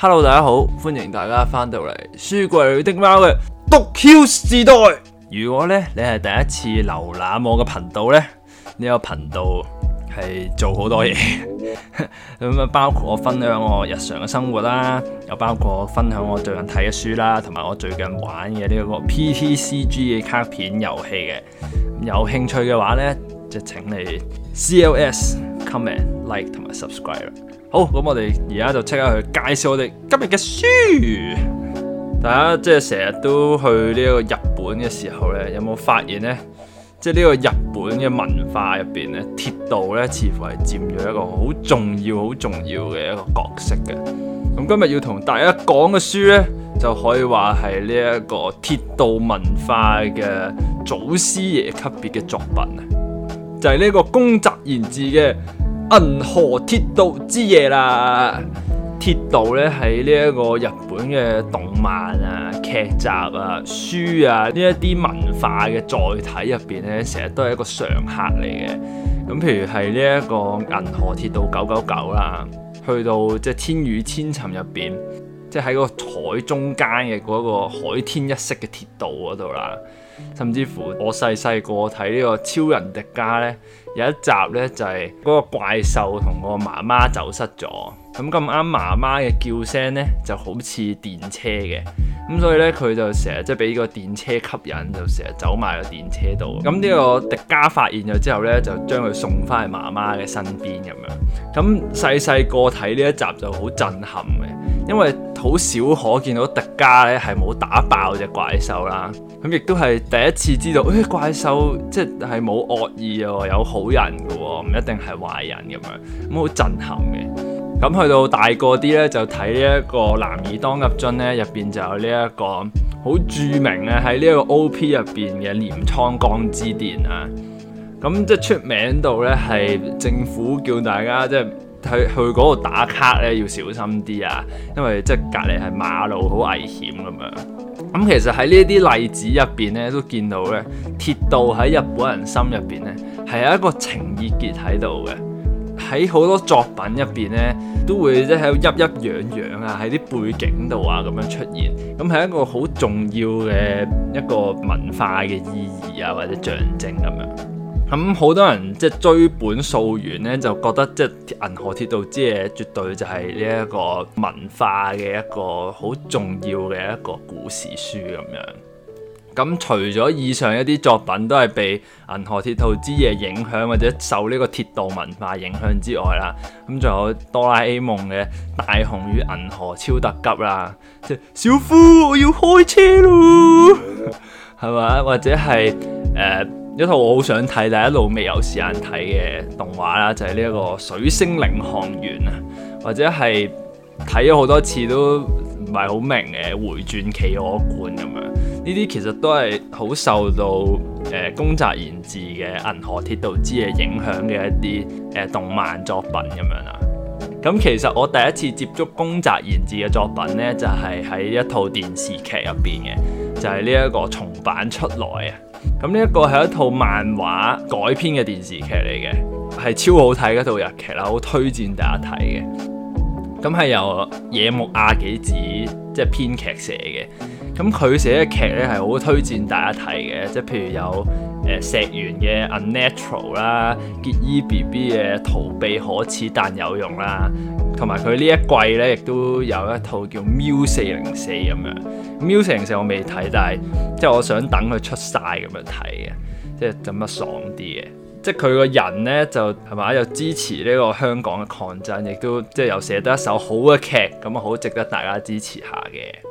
Hello，大家好，歡迎大家翻到嚟書櫃裏的貓嘅讀書時代。如果咧你係第一次瀏覽我嘅頻道咧，呢個頻道係做好多嘢，咁 啊包括我分享我日常嘅生活啦，又包括分享我最近睇嘅書啦，同埋我最近玩嘅呢個 P T C G 嘅卡片遊戲嘅。有興趣嘅話咧，就請你 C L S comment like 同埋 subscribe。好，咁我哋而家就即刻去介紹我哋今日嘅書。大家即係成日都去呢個日本嘅時候呢，有冇發現呢？即係呢個日本嘅文化入邊呢，鐵道呢似乎係佔咗一個好重要、好重要嘅一個角色嘅。咁今日要同大家講嘅書呢，就可以話係呢一個鐵道文化嘅祖師爺級別嘅作品啊，就係、是、呢個宮澤賢治嘅。銀河鐵道之夜啦，鐵道咧，喺呢一個日本嘅動漫啊、劇集啊、書啊呢一啲文化嘅載體入邊咧，成日都係一個常客嚟嘅。咁譬如係呢一個銀河鐵道九九九啦，去到即係《千與千尋》入邊，即係喺個海中間嘅嗰個海天一色嘅鐵道嗰度啦。甚至乎我細細個睇呢個《超人迪加》咧。有一集呢，就係嗰個怪獸同個媽媽走失咗，咁咁啱媽媽嘅叫聲呢就好似電車嘅，咁所以呢，佢就成日即係俾個電車吸引，就成日走埋個電車度。咁呢個迪迦發現咗之後呢，就將佢送翻去媽媽嘅身邊咁樣。咁細細個睇呢一集就好震撼嘅，因為。好少可見到迪迦咧係冇打爆隻怪獸啦，咁亦都係第一次知道，誒、哎、怪獸即係冇惡意喎，有好人嘅喎，唔一定係壞人咁樣，咁好震撼嘅。咁去到大個啲咧，就睇呢一個《男兒當入樽》咧，入邊就有呢、這、一個好著名咧喺呢一個 O.P 入邊嘅鎌倉江之電啊，咁即係出名到咧係政府叫大家即係。去去嗰度打卡咧要小心啲啊，因為即係隔離係馬路，好危險咁樣。咁其實喺呢啲例子入邊咧，都見到咧鐵道喺日本人心入邊咧係有一個情意結喺度嘅。喺好多作品入邊咧都會即係喺度隱隱約約啊，喺啲背景度啊咁樣出現。咁係一個好重要嘅一個文化嘅意義啊，或者象徵咁樣。咁好多人即係追本溯源咧，就覺得即係《銀河鐵道之夜》絕對就係呢一個文化嘅一個好重要嘅一個故事書咁樣。咁除咗以上一啲作品都係被《銀河鐵道之夜》影響或者受呢個鐵道文化影響之外啦，咁仲有《哆啦 A 夢》嘅《大雄與銀河超特急》啦、就是，即小夫我要開車咯，係 嘛？或者係誒。呃一套我好想睇，但一路未有時間睇嘅動畫啦，就係呢一個《水星領航員》啊，或者係睇咗好多次都唔係好明嘅《回轉企鵝館》咁樣。呢啲其實都係好受到誒宮澤賢治嘅《呃、銀河鐵道之夜》影響嘅一啲誒、呃、動漫作品咁樣啦。咁其實我第一次接觸宮澤賢治嘅作品呢，就係、是、喺一套電視劇入邊嘅。就係呢一個重版出來啊！咁呢一個係一套漫畫改編嘅電視劇嚟嘅，係超好睇嘅一套日劇啦，好推薦大家睇嘅。咁係由野木亞紀子即係編劇寫嘅。咁佢寫嘅劇呢係好推薦大家睇嘅，即係譬如有，誒石原嘅 Unnatural 啦，結衣 BB 嘅逃避可恥但有用啦，同埋佢呢一季咧亦都有一套叫4，《MIU404》咁樣，《MIU404》我未睇，但係即係我想等佢出晒。咁樣睇嘅，即係整得爽啲嘅。即係佢個人咧就係咪又支持呢個香港嘅抗爭，亦都即係又寫得一首好嘅劇，咁啊好值得大家支持下嘅。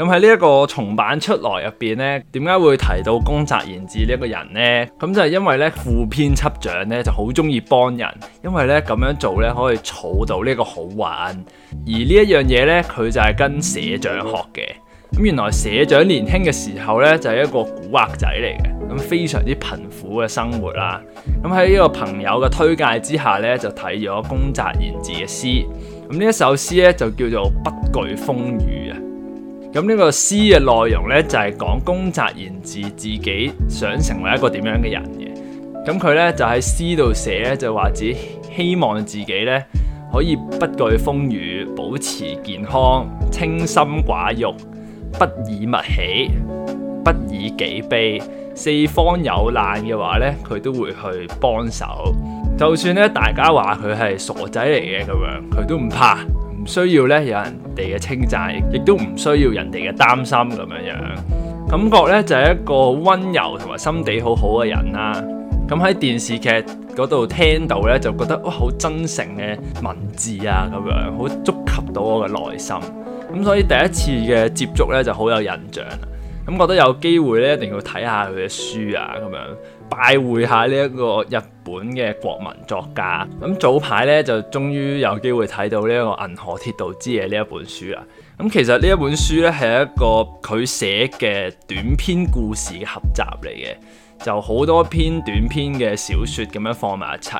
咁喺呢一個重版出來入邊呢，點解會提到宮澤賢治呢一個人呢？咁就係、是、因為咧副編輯長呢就好中意幫人，因為呢咁樣做呢可以儲到呢個好玩。而呢一樣嘢呢，佢就係跟社長學嘅。咁原來社長年輕嘅時候呢，就係、是、一個古惑仔嚟嘅，咁非常之貧苦嘅生活啦。咁喺呢個朋友嘅推介之下呢，就睇咗宮澤賢治嘅詩。咁呢一首詩呢，就叫做《不懼風雨》啊。咁呢個詩嘅內容呢，就係、是、講宮澤賢治，自己想成為一個點樣嘅人嘅。咁佢呢，就喺詩度寫咧，就話只希望自己呢，可以不懼風雨，保持健康，清心寡欲，不以物喜，不以己悲。四方有難嘅話呢，佢都會去幫手。就算呢，大家話佢係傻仔嚟嘅咁樣，佢都唔怕。唔需要咧，有人哋嘅稱讚，亦都唔需要人哋嘅擔心咁樣樣感覺咧，就係一個温柔同埋心地好好嘅人啦。咁喺電視劇嗰度聽到咧，就覺得哇好真誠嘅文字啊，咁樣好觸及到我嘅內心。咁所以第一次嘅接觸咧就好有印象啦。咁覺得有機會咧，一定要睇下佢嘅書啊，咁樣。拜會下呢一個日本嘅國民作家，咁早排呢，就終於有機會睇到呢、這、一個《銀河鐵道之夜》呢一本書啦。咁其實呢一本書呢係一個佢寫嘅短篇故事嘅合集嚟嘅。就好多篇短篇嘅小説咁樣放埋一齊，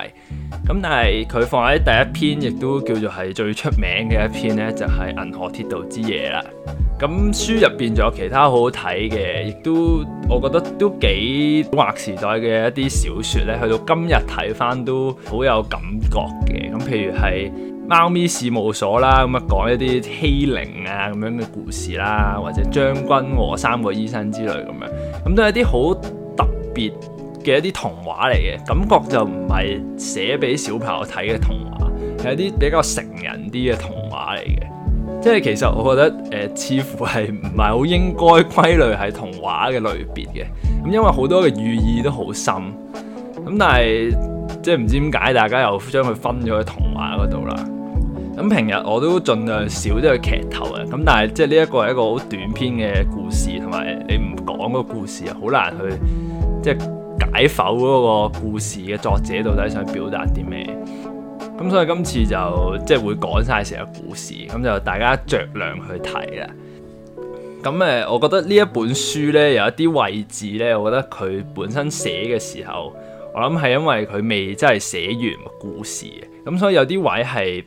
咁但係佢放喺第一篇，亦都叫做係最出名嘅一篇呢，就係《銀河鐵道之夜》啦。咁書入邊仲有其他好好睇嘅，亦都我覺得都幾劃時代嘅一啲小説呢，去到今日睇翻都好有感覺嘅。咁譬如係《貓咪事務所》啦，咁一講一啲欺凌啊咁樣嘅故事啦，或者《將軍和三個醫生》之類咁樣，咁都係啲好。特別嘅一啲童話嚟嘅，感覺就唔係寫俾小朋友睇嘅童話，係一啲比較成人啲嘅童話嚟嘅。即係其實我覺得誒、呃，似乎係唔係好應該歸類係童話嘅類別嘅。咁因為好多嘅寓意都好深。咁但係即係唔知點解大家又將佢分咗喺童話嗰度啦。咁平日我都盡量少啲去劇透啊。咁但係即係呢一個係一個好短篇嘅故事，同埋你唔講個故事啊，好難去。即係解剖嗰個故事嘅作者到底想表達啲咩？咁所以今次就即係會講晒成個故事，咁就大家酌量去睇啦。咁誒，我覺得呢一本書呢，有一啲位置呢，我覺得佢本身寫嘅時候，我諗係因為佢未真係寫完個故事嘅，咁所以有啲位係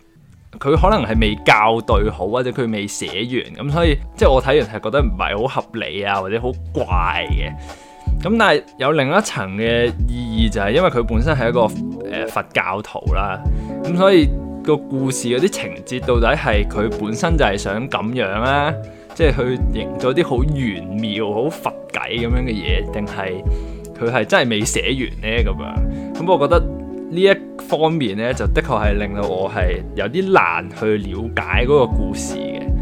佢可能係未校對好，或者佢未寫完，咁所以即係我睇完係覺得唔係好合理啊，或者好怪嘅。咁但係有另一層嘅意義就係因為佢本身係一個誒、呃、佛教徒啦，咁所以個故事嗰啲情節到底係佢本身就係想咁樣咧、啊，即、就、係、是、去營造啲好玄妙、好佛偈咁樣嘅嘢，定係佢係真係未寫完呢？咁樣？咁我覺得呢一方面呢，就的確係令到我係有啲難去了解嗰個故事嘅。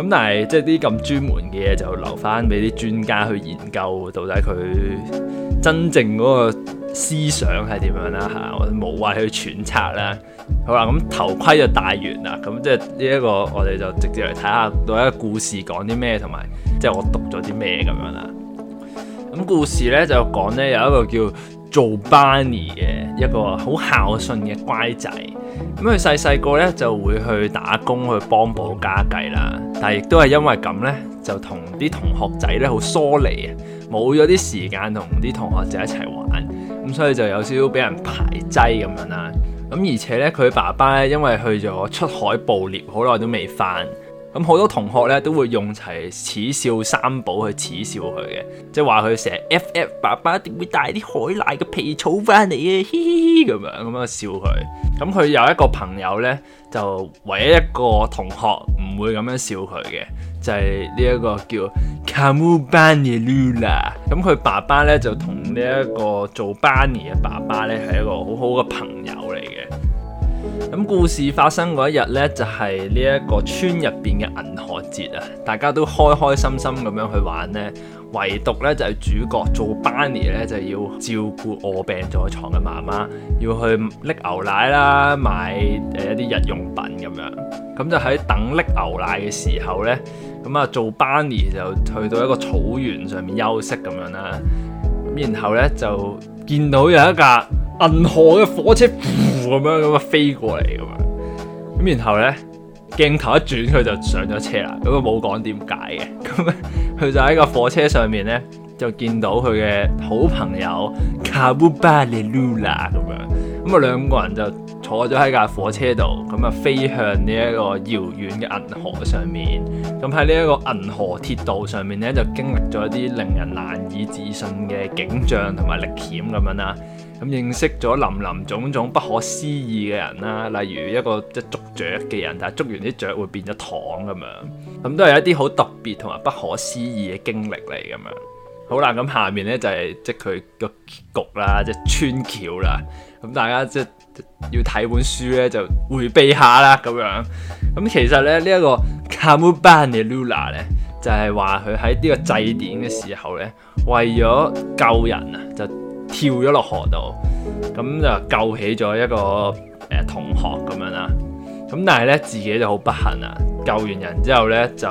咁但係即係啲咁專門嘅嘢就留翻俾啲專家去研究，到底佢真正嗰個思想係點樣啦嚇，我哋無謂去揣測啦。好啦，咁頭盔就戴完啦，咁即係呢一個我哋就直接嚟睇下到底一個故事講啲咩，同埋即係我讀咗啲咩咁樣啦。咁故事咧就講咧有一個叫做班尼嘅一個好孝順嘅乖仔，咁佢細細個呢就會去打工去幫補家計啦，但係亦都係因為咁呢，就同啲同學仔呢好疏離啊，冇咗啲時間同啲同學仔一齊玩，咁所以就有少少俾人排擠咁樣啦。咁而且呢，佢爸爸呢，因為去咗出海捕獵，好耐都未返。咁好多同學咧都會用齊恥笑三寶去恥笑佢嘅，即係話佢成日 F F 爸爸一定會帶啲海奶嘅皮草翻嚟啊，嘻嘻嘻咁樣咁樣笑佢。咁佢有一個朋友咧，就唯一一個同學唔會咁樣笑佢嘅，就係呢一個叫 Camu Banilula。咁佢爸爸咧就同呢一個做班尼嘅爸爸咧係一個好好嘅朋友。咁故事發生嗰一日呢，就係呢一個村入邊嘅銀河節啊，大家都開開心心咁樣去玩呢，唯獨呢就係主角做班尼呢，就要照顧臥病在床嘅媽媽，要去拎牛奶啦，買誒一啲日用品咁樣。咁就喺等拎牛奶嘅時候呢，咁啊做班尼就去到一個草原上面休息咁樣啦。然後咧就見到有一架銀河嘅火車噗咁樣咁樣飛過嚟咁樣，咁然後咧鏡頭一轉佢就上咗車啦，咁佢冇講點解嘅，咁啊佢就喺個火車上面咧就見到佢嘅好朋友卡布巴利努拉咁樣。咁啊，兩個人就坐咗喺架火車度，咁啊飛向呢一個遙遠嘅銀河上面。咁喺呢一個銀河鐵道上面咧，就經歷咗一啲令人難以置信嘅景象同埋歷險咁樣啦。咁認識咗林林種種不可思議嘅人啦，例如一個即捉雀嘅人，但係捉完啲雀會變咗糖咁樣。咁都係一啲好特別同埋不可思議嘅經歷嚟咁樣。好啦，咁下面呢就係即佢個局啦，即穿橋啦。咁大家即係要睇本書咧、這個，就回避下啦咁樣。咁其實咧，呢一個 Camus Ban de Lula 咧，就係話佢喺呢個祭典嘅時候咧，為咗救人啊，就跳咗落河度，咁就救起咗一個誒、呃、同學咁樣啦。咁但係咧，自己就好不幸啊，救完人之後咧，就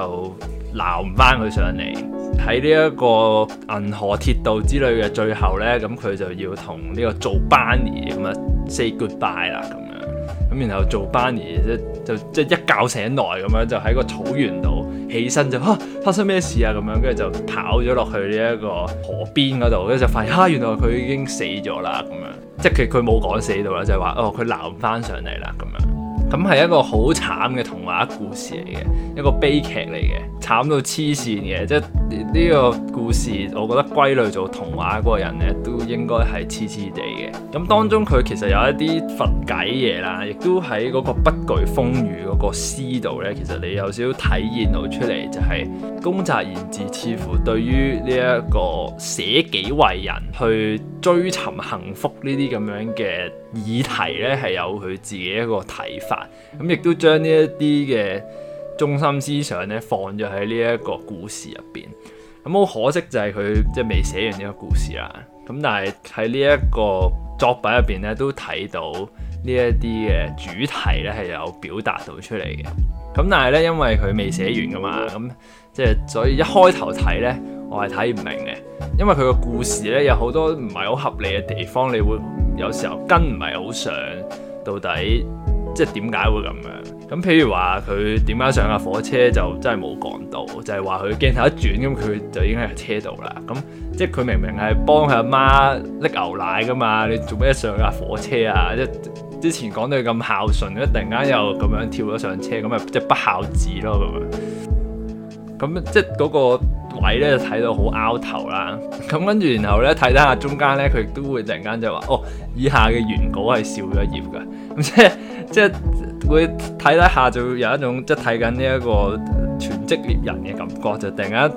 撈唔返佢上嚟，喺呢一個銀河鐵道之類嘅最後咧，咁佢就要同呢個做班尼咁啊 say goodbye 啦，咁樣咁然後做班尼咧就即係一覺醒來咁樣就喺個草原度起身就嚇、啊、發生咩事啊咁樣，跟住就跑咗落去呢一個河邊嗰度，跟住就發現啊，原來佢已經死咗啦咁樣，即係佢佢冇講死到啦，就係、是、話哦佢撈翻上嚟啦咁樣。咁係一個好慘嘅童話故事嚟嘅，一個悲劇嚟嘅，慘到黐線嘅，即係呢個故事，我覺得歸類做童話嗰個人呢，都應該係黐黐地嘅。咁當中佢其實有一啲佛偈嘢啦，亦都喺嗰個不懼風雨嗰個詩度呢。其實你有少少體現到出嚟，就係宮澤賢治似乎對於呢一個捨己為人去追尋幸福呢啲咁樣嘅議題咧係有佢自己一個睇法，咁亦都將呢一啲嘅中心思想咧放咗喺呢一個故事入邊。咁好可惜就係佢即係未寫完呢個故事啦。咁但係喺呢一個作品入邊咧，都睇到呢一啲嘅主題咧係有表達到出嚟嘅。咁但係咧，因為佢未寫完㗎嘛，咁即係所以一開頭睇咧。我係睇唔明嘅，因為佢個故事呢，有好多唔係好合理嘅地方，你會有時候跟唔係好上，到底即係點解會咁樣？咁譬如話佢點解上架火車就真係冇講到，就係話佢鏡頭一轉咁佢就已經喺車度啦。咁即係佢明明係幫佢阿媽拎牛奶噶嘛，你做咩上架火車啊？即之前講到佢咁孝順，一突然間又咁樣跳咗上車，咁啊即係不孝子咯咁樣。咁即係嗰個位咧就睇到好拗頭啦，咁跟住然後咧睇睇下中間咧，佢都會突然間就話：哦，以下嘅原稿係少咗頁嘅，咁即係即係會睇睇下就會有一種即係睇緊呢一個全職獵人嘅感覺，就突然間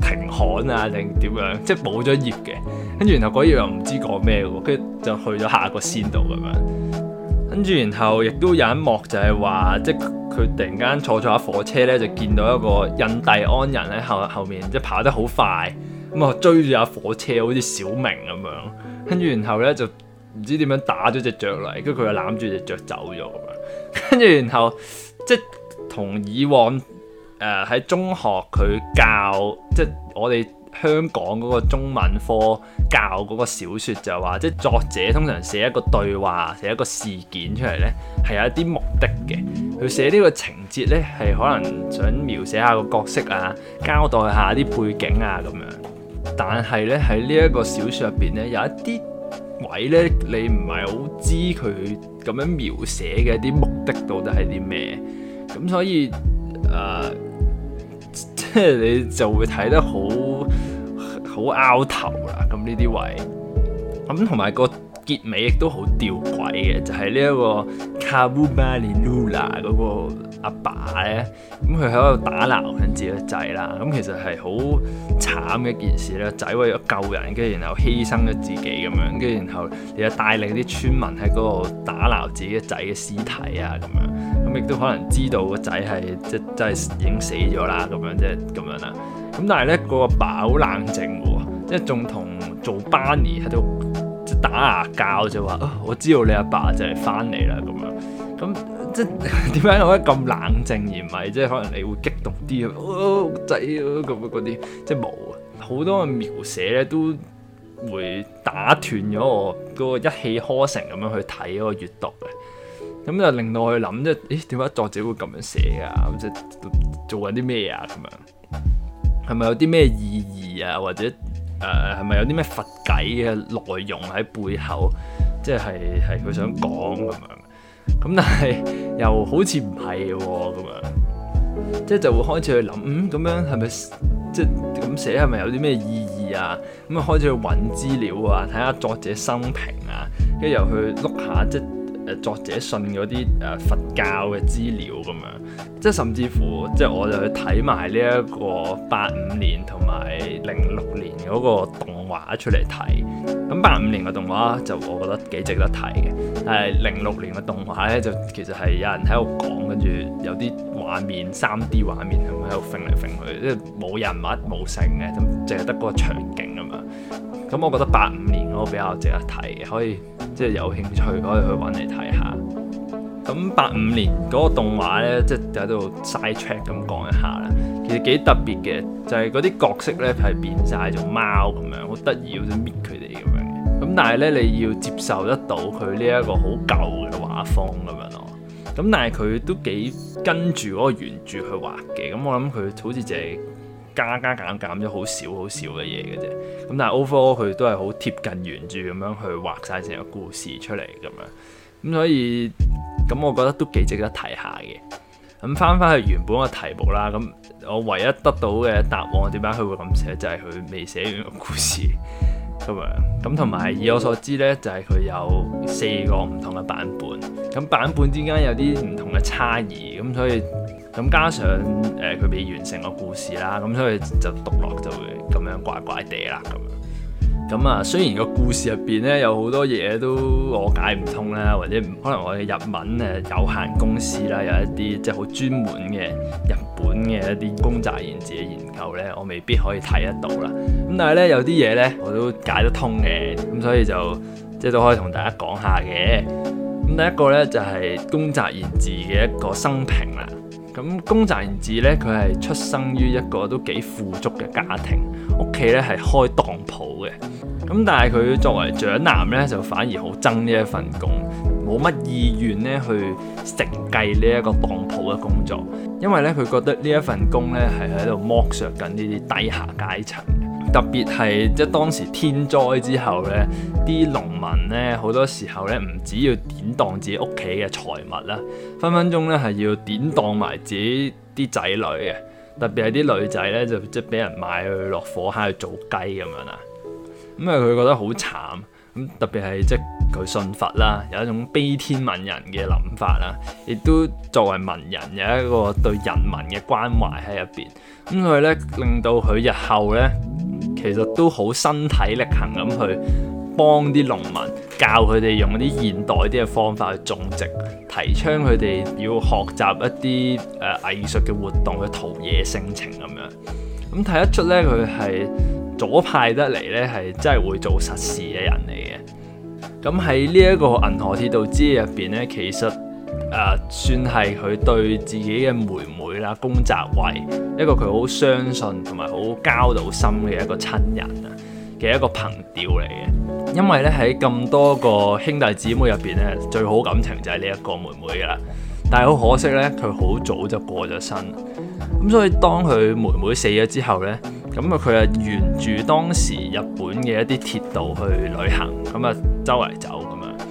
停刊啊，定點樣即係冇咗頁嘅，跟住然後嗰頁又唔知講咩喎，跟住就去咗下個先度咁樣。跟住然後亦都有一幕就係話，即佢突然間坐坐下火車咧，就見到一個印第安人咧後後面即係跑得好快，咁啊追住下火車好似小明咁樣。跟住然後咧就唔知點樣打咗隻雀嚟，跟住佢就攬住隻雀走咗咁樣。跟住然後，然後即係同以往誒喺、呃、中學佢教即係我哋。香港嗰個中文科教嗰個小說就話，即係作者通常寫一個對話，寫一個事件出嚟咧，係有一啲目的嘅。佢寫呢個情節咧，係可能想描寫下個角色啊，交代下啲背景啊咁樣。但係咧喺呢一個小說入邊咧，有一啲位咧，你唔係好知佢咁樣描寫嘅一啲目的到底係啲咩？咁所以誒、呃、即係你就會睇得好。好拗頭啦，咁呢啲位，咁同埋個結尾亦都好吊詭嘅，就係、是、呢一個 Carumba 尼 Lula 嗰個阿爸咧，咁佢喺度打撈緊自己仔啦，咁其實係好慘嘅一件事咧，仔為咗救人跟住然後犧牲咗自己咁樣，跟住然後又帶領啲村民喺嗰度打撈自己仔嘅屍體啊咁樣，咁亦都可能知道個仔係即真係已經死咗啦咁樣啫，咁樣啦，咁但係咧，嗰個阿爸好冷靜。即係仲同做班尼喺度即打牙交，就話，哦，我知道你阿爸就嚟翻嚟啦咁樣。咁即係點解我覺得咁冷靜，而唔係即係可能你會激動啲啊仔咁嗰啲，即係冇啊。好多嘅描寫咧都會打斷咗我嗰個一氣呵成咁樣去睇嗰個閱讀嘅。咁就令到我諗，即係咦點解作者會咁樣寫啊？即係做緊啲咩啊？咁樣係咪有啲咩意義啊？或者？誒係咪有啲咩佛偈嘅內容喺背後？即係係佢想講咁樣，咁但係又好似唔係喎咁樣，即係就會開始去諗，嗯咁樣係咪即係咁寫係咪有啲咩意義啊？咁啊開始去揾資料啊，睇下作者生平啊，跟住又去碌下即。誒作者信嗰啲誒佛教嘅資料咁樣，即係甚至乎，即係我就去睇埋呢一個八五年同埋零六年嗰個動畫出嚟睇。咁八五年嘅動畫就我覺得幾值得睇嘅，但係零六年嘅動畫咧就其實係有人喺度講，跟住有啲畫面三 D 畫面喺度揈嚟揈去，即係冇人物冇聲嘅，就淨係得個場景咁樣。咁我覺得八五年嗰個比較值得睇嘅，可以。即係有興趣可以去揾你睇下。咁八五年嗰個動畫咧，即係喺度嘥 check 咁講一下啦。其實幾特別嘅，就係嗰啲角色呢，係變晒做貓咁樣，好得意好似搣佢哋咁樣。咁但係呢，你要接受得到佢呢一個好舊嘅畫風咁樣咯。咁但係佢都幾跟住嗰個原著去畫嘅。咁我諗佢好似就係。加加減減咗好少好少嘅嘢嘅啫，咁但係 Overlord 佢都係好貼近原著咁樣去畫晒成個故事出嚟咁樣，咁所以咁我覺得都幾值得睇下嘅。咁翻翻去原本個題目啦，咁我唯一得到嘅答案點解佢會咁寫，就係佢未寫完個故事咁 樣，咁同埋以我所知呢，就係、是、佢有四個唔同嘅版本，咁版本之間有啲唔同嘅差異，咁所以。咁加上誒，佢未完成個故事啦，咁所以就讀落就會咁樣怪怪地啦。咁咁啊，雖然個故事入邊咧有好多嘢都我解唔通啦，或者可能我嘅日文誒有限公司啦，有一啲即係好專門嘅日本嘅一啲宮澤賢治嘅研究咧，我未必可以睇得到啦。咁但係咧有啲嘢咧我都解得通嘅，咁所以就即係、就是、都可以同大家講下嘅。咁第一個咧就係宮澤賢治嘅一個生平啦。咁宮澤賢治咧，佢係出生於一個都幾富足嘅家庭，屋企咧係開當鋪嘅。咁但係佢作為長男咧，就反而好憎呢一份工，冇乜意願咧去承繼呢一個當鋪嘅工作，因為咧佢覺得呢一份工咧係喺度剝削緊呢啲低下階層，特別係即係當時天災之後咧，啲農民咧，好多時候咧，唔止要典當自己屋企嘅財物啦，分分鐘咧係要典當埋自己啲仔女嘅，特別係啲女仔咧就即係俾人買去落火喺度做雞咁樣啦。咁啊，佢覺得好慘咁，特別係即佢信佛啦，有一種悲天憫人嘅諗法啦，亦都作為文人有一個對人民嘅關懷喺入邊。咁所以咧，令到佢日後咧，其實都好身體力行咁去。幫啲農民教佢哋用啲現代啲嘅方法去種植，提倡佢哋要學習一啲誒、呃、藝術嘅活動去陶冶性情咁樣。咁睇得出咧，佢係左派得嚟咧，係真係會做實事嘅人嚟嘅。咁喺呢一個銀河鐵道之夜入邊咧，其實誒、呃、算係佢對自己嘅妹妹啦，宮澤惠一個佢好相信同埋好交到心嘅一個親人啊嘅一個憑吊嚟嘅。因為咧喺咁多個兄弟姊妹入邊咧，最好感情就係呢一個妹妹噶啦。但係好可惜咧，佢好早就過咗身。咁所以當佢妹妹死咗之後咧，咁啊佢啊沿住當時日本嘅一啲鐵道去旅行，咁啊周圍走咁樣。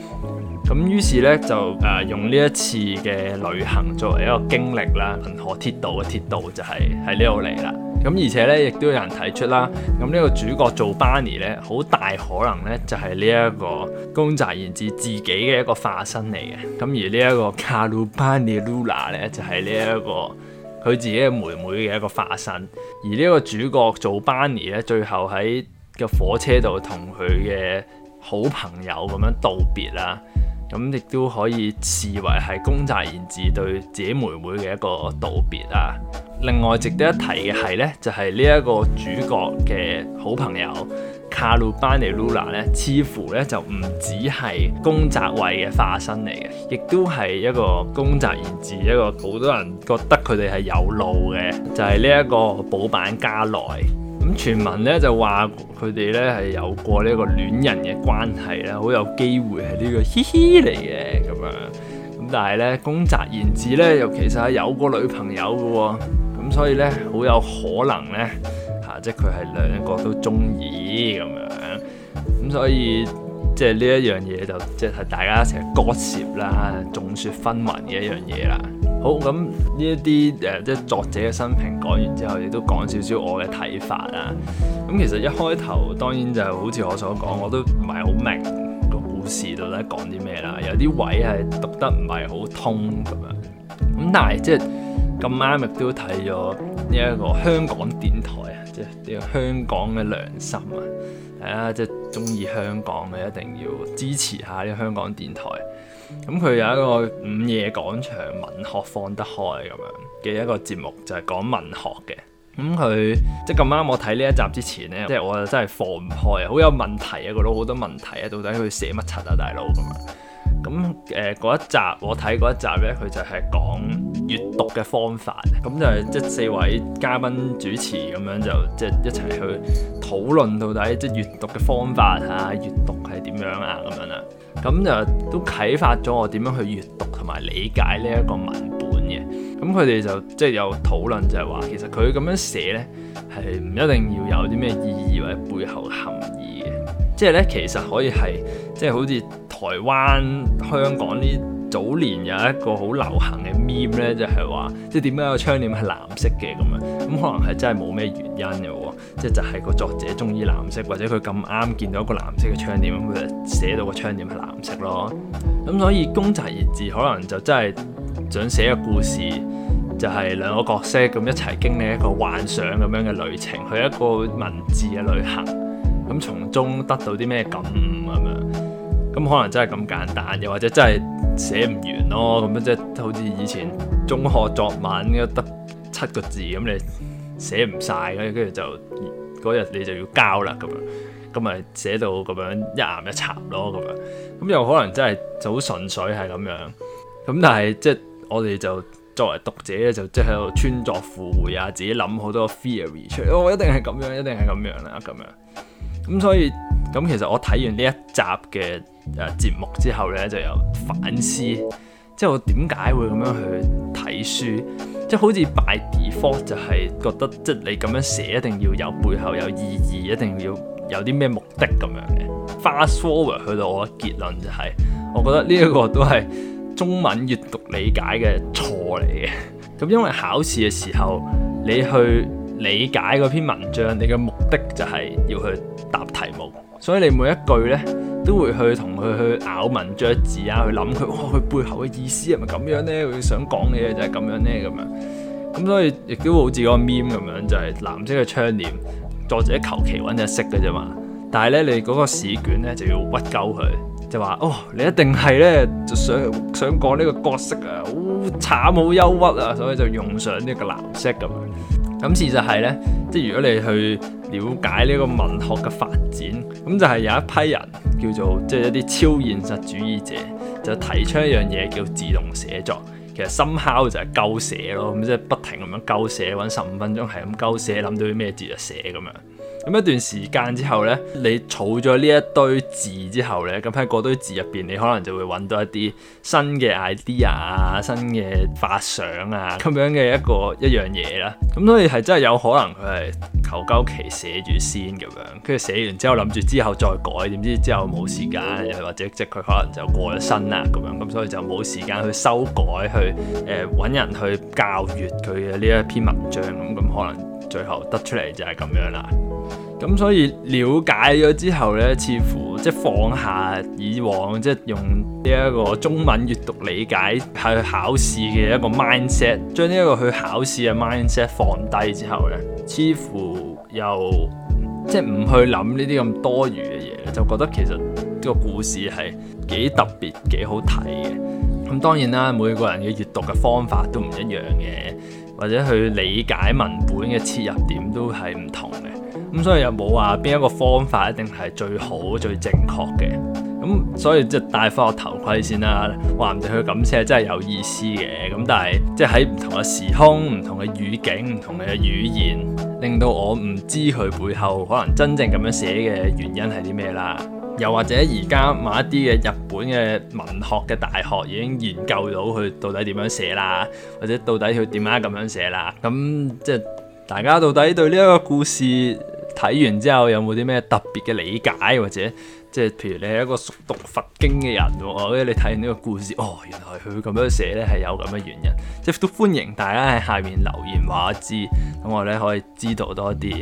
咁於是咧就誒用呢一次嘅旅行作為一個經歷啦，銀河鐵道嘅鐵道就係喺呢度嚟啦。咁而且咧，亦都有人提出啦。咁、這、呢個主角做班尼咧，好大可能咧就係呢一個宮澤賢治自己嘅一個化身嚟嘅。咁而呢一個卡魯班尼露娜咧，就係呢一個佢自己嘅妹妹嘅一個化身。而呢一個主角做班尼咧，最後喺個火車度同佢嘅好朋友咁樣道別啦。咁亦都可以視為係宮澤賢治對自己妹妹嘅一個道別啊。另外值得一提嘅係呢，就係呢一個主角嘅好朋友卡魯班尼魯拉，呢似乎呢就唔止係宮澤惠嘅化身嚟嘅，亦都係一個宮澤賢治一個好多人覺得佢哋係有路嘅，就係呢一個補板加奈。傳聞咧就話佢哋咧係有過呢個戀人嘅關係啦，好有機會係呢個嘻嘻嚟嘅咁樣。咁但係咧，宮澤賢治咧又其實係有個女朋友嘅喎，咁所以咧好有可能咧嚇、啊，即係佢係兩個都中意咁樣。咁所以即係呢一樣嘢就即係大家一齊割舌啦，眾說紛紜嘅一樣嘢啦。好，咁呢一啲誒，即係作者嘅生平講完之後，亦都講少少我嘅睇法啊。咁其實一開頭當然就好似我所講，我都唔係好明個故事到底講啲咩啦。有啲位係讀得唔係好通咁樣。咁但係即係咁啱亦都睇咗呢一個香港電台啊，即係呢個香港嘅良心啊。係啊，即係鍾意香港嘅一定要支持下呢香港電台。咁佢有一個午夜廣場文學放得開咁樣嘅一個節目，就係、是、講文學嘅。咁、嗯、佢即係咁啱，我睇呢一集之前呢，即係我就真係放唔開，好有問題啊，覺得好多問題啊，到底佢寫乜柒啊，大佬咁啊。咁誒嗰一集我睇嗰一集呢，佢就係講閱讀嘅方法。咁就係即四位嘉賓主持咁樣，就即係一齊去討論到底即係閱讀嘅方法啊，閱讀係點樣啊咁樣啦。咁就都啟發咗我點樣去閱讀同埋理解呢一個文本嘅。咁佢哋就即係、就是、有討論就係話，其實佢咁樣寫呢，係唔一定要有啲咩意義或者背後含義嘅。即、就、係、是、呢，其實可以係即係好似台灣、香港呢，早年有一個好流行嘅 Meme 咧，就係話，即係點解個窗簾係藍色嘅咁樣？咁可能係真係冇咩原因嘅喎，即係就係個作者中意藍色，或者佢咁啱見到一個藍色嘅窗簾，咁佢就寫到個窗簾係藍色咯。咁所以《攻雜而治》可能就真係想寫個故事，就係兩個角色咁一齊經歷一個幻想咁樣嘅旅程，去一個文字嘅旅行，咁從中得到啲咩感悟咁樣。咁可能真係咁簡單，又或者真係寫唔完咯、哦。咁樣即係好似以前中學作文咁得七個字咁，你寫唔晒嘅，跟住就嗰日你就要交啦咁樣。咁咪寫到咁樣一岩一巉咯咁樣。咁又可能真係就好純粹係咁樣。咁但係即係我哋就作為讀者咧，就即係喺度穿鑿附會啊，自己諗好多 theory 出嚟。我、哦、一定係咁樣，一定係咁樣啦咁樣。咁所以。咁其實我睇完呢一集嘅誒節目之後呢，就有反思，即係我點解會咁樣去睇書，即係好似 by default 就係覺得即係你咁樣寫一定要有背後有意義，一定要有啲咩目的咁樣嘅。Fast forward 去到我嘅結論就係，我覺得呢一個都係中文閱讀理解嘅錯嚟嘅。咁 因為考試嘅時候，你去理解嗰篇文章，你嘅目的就係要去答題目。所以你每一句咧，都會去同佢去咬文嚼字啊，去諗佢，哇，佢背後嘅意思係咪咁樣咧？佢想講嘅嘢就係咁樣咧，咁啊。咁所以亦都好似嗰個 meme 咁樣，就係、是、藍色嘅窗簾，作者求其揾隻色嘅啫嘛。但係咧，你嗰個試卷咧就要屈鳩佢。就話哦，你一定係咧，就想想講呢個角色啊，好慘，好憂鬱啊，所以就用上呢個藍色咁樣。咁事實係咧，即係如果你去了解呢個文學嘅發展，咁就係有一批人叫做即係一啲超現實主義者，就提出一樣嘢叫自動寫作。其實深究就係鳩寫咯，咁即係不停咁樣鳩寫，揾十五分鐘係咁鳩寫，諗到啲咩字就寫咁樣。咁一段時間之後呢，你儲咗呢一堆字之後呢，咁喺嗰堆字入邊，你可能就會揾到一啲新嘅 idea 啊、新嘅發想啊咁樣嘅一個一樣嘢啦。咁所以係真係有可能佢係求鳩其寫住先咁樣，跟住寫完之後諗住之後再改，點知之後冇時間，又或者即係佢可能就過咗身啦咁樣，咁所以就冇時間去修改去呃、揾人去校閲佢嘅呢一篇文章咁，咁可能。最後得出嚟就係咁樣啦，咁所以了解咗之後呢，似乎即放下以往即用呢一個中文閱讀理解去考試嘅一個 mindset，將呢一個去考試嘅 mindset 放低之後呢，似乎又即唔去諗呢啲咁多餘嘅嘢，就覺得其實個故事係幾特別幾好睇嘅。咁當然啦，每個人嘅閱讀嘅方法都唔一樣嘅。或者去理解文本嘅切入點都係唔同嘅，咁所以又冇話邊一個方法一定係最好最正確嘅，咁所以即係戴翻個頭盔先啦。話唔定佢咁寫真係有意思嘅，咁但係即係喺唔同嘅時空、唔同嘅語境、唔同嘅語言，令到我唔知佢背後可能真正咁樣寫嘅原因係啲咩啦。又或者而家某一啲嘅日本嘅文學嘅大學已經研究到佢到底點樣寫啦，或者到底佢點解咁樣寫啦？咁即係大家到底對呢一個故事睇完之後有冇啲咩特別嘅理解，或者即係譬如你係一個熟讀佛經嘅人，我覺得你睇完呢個故事，哦，原來佢咁樣寫咧係有咁嘅原因。即係都歡迎大家喺下面留言話知啲，咁我咧可以知道多啲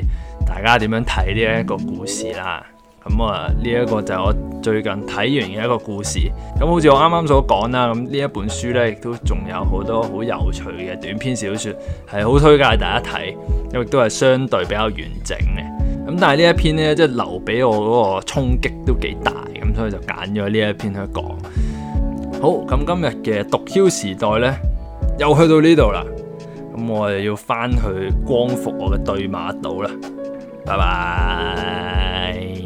大家點樣睇呢一個故事啦。咁啊，呢一個就我最近睇完嘅一個故事。咁好似我啱啱所講啦，咁呢一本書呢亦都仲有好多好有趣嘅短篇小説，係好推介大家睇，因為都係相對比較完整嘅。咁但係呢一篇呢，即係留俾我嗰個衝擊都幾大，咁所以就揀咗呢一篇去講。好，咁今日嘅《毒嬌時代》呢，又去到呢度啦。咁我又要翻去光復我嘅對馬島啦。拜拜。